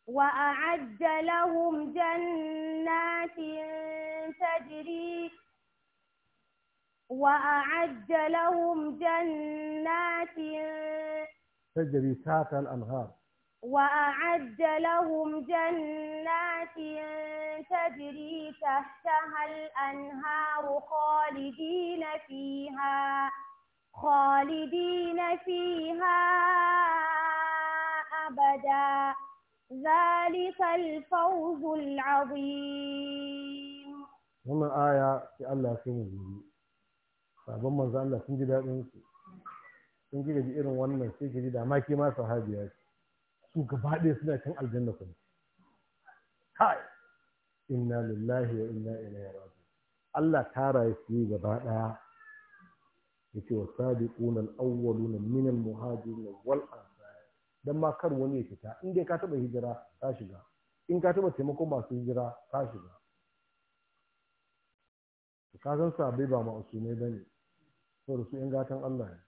وأعد لهم جنات تجري wa’a’adda lahum jannatin tajiri satan anhar wa’a’adda lahum jannatin tajiri ta shahal anharu kwalidi na fiha kwalidi na fiha abada zalikal fawzul azim wannan aya ya Allah ya sani sabon manzo Allah sun ji daɗin su sun ji gaji irin wannan sai ka ji da ma ke ma sahabiya ce su gaba ɗaya suna kan aljanna kuma kai inna lillahi wa inna ilaihi raji Allah ta raye su yi gaba ɗaya yace wa sabiqun al-awwaluna min al-muhajirin wal ansar dan ma kar wani ya fita in dai ka taba hijira ka shiga in ka taba taimako masu hijira ka shiga ka san sabai ba ma'asumai bane saboda su 'yan gatan Allah ne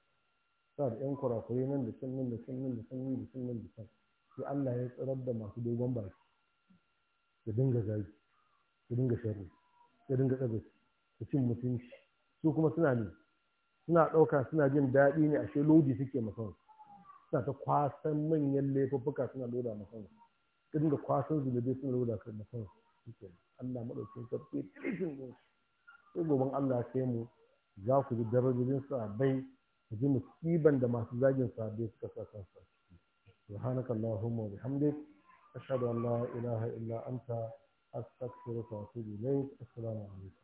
sa da 'yan kurakuri nan da can nan da can nan da can nan da can nan da can sai Allah ya tsirar da masu dogon baki da dinga zagi da dinga sharri da dinga tsabaki da cin mutunci su kuma suna ne suna ɗauka suna jin daɗi ne ashe lodi suke masau, suna ta kwasan manyan laifuffuka suna loda masau, ta dinga kwasan zulubai suna loda masan Allah maɗaukin sarki tilishin ɗin sai gobin Allah ya kai mu za ku ji darajojin sahabbai ku ji musiban da masu zagin sahabbai suka sa kansu a ciki subhanaka allahumma wa bihamdik ashhadu an la ilaha illa anta astaghfiruka wa atubu ilayk assalamu alaikum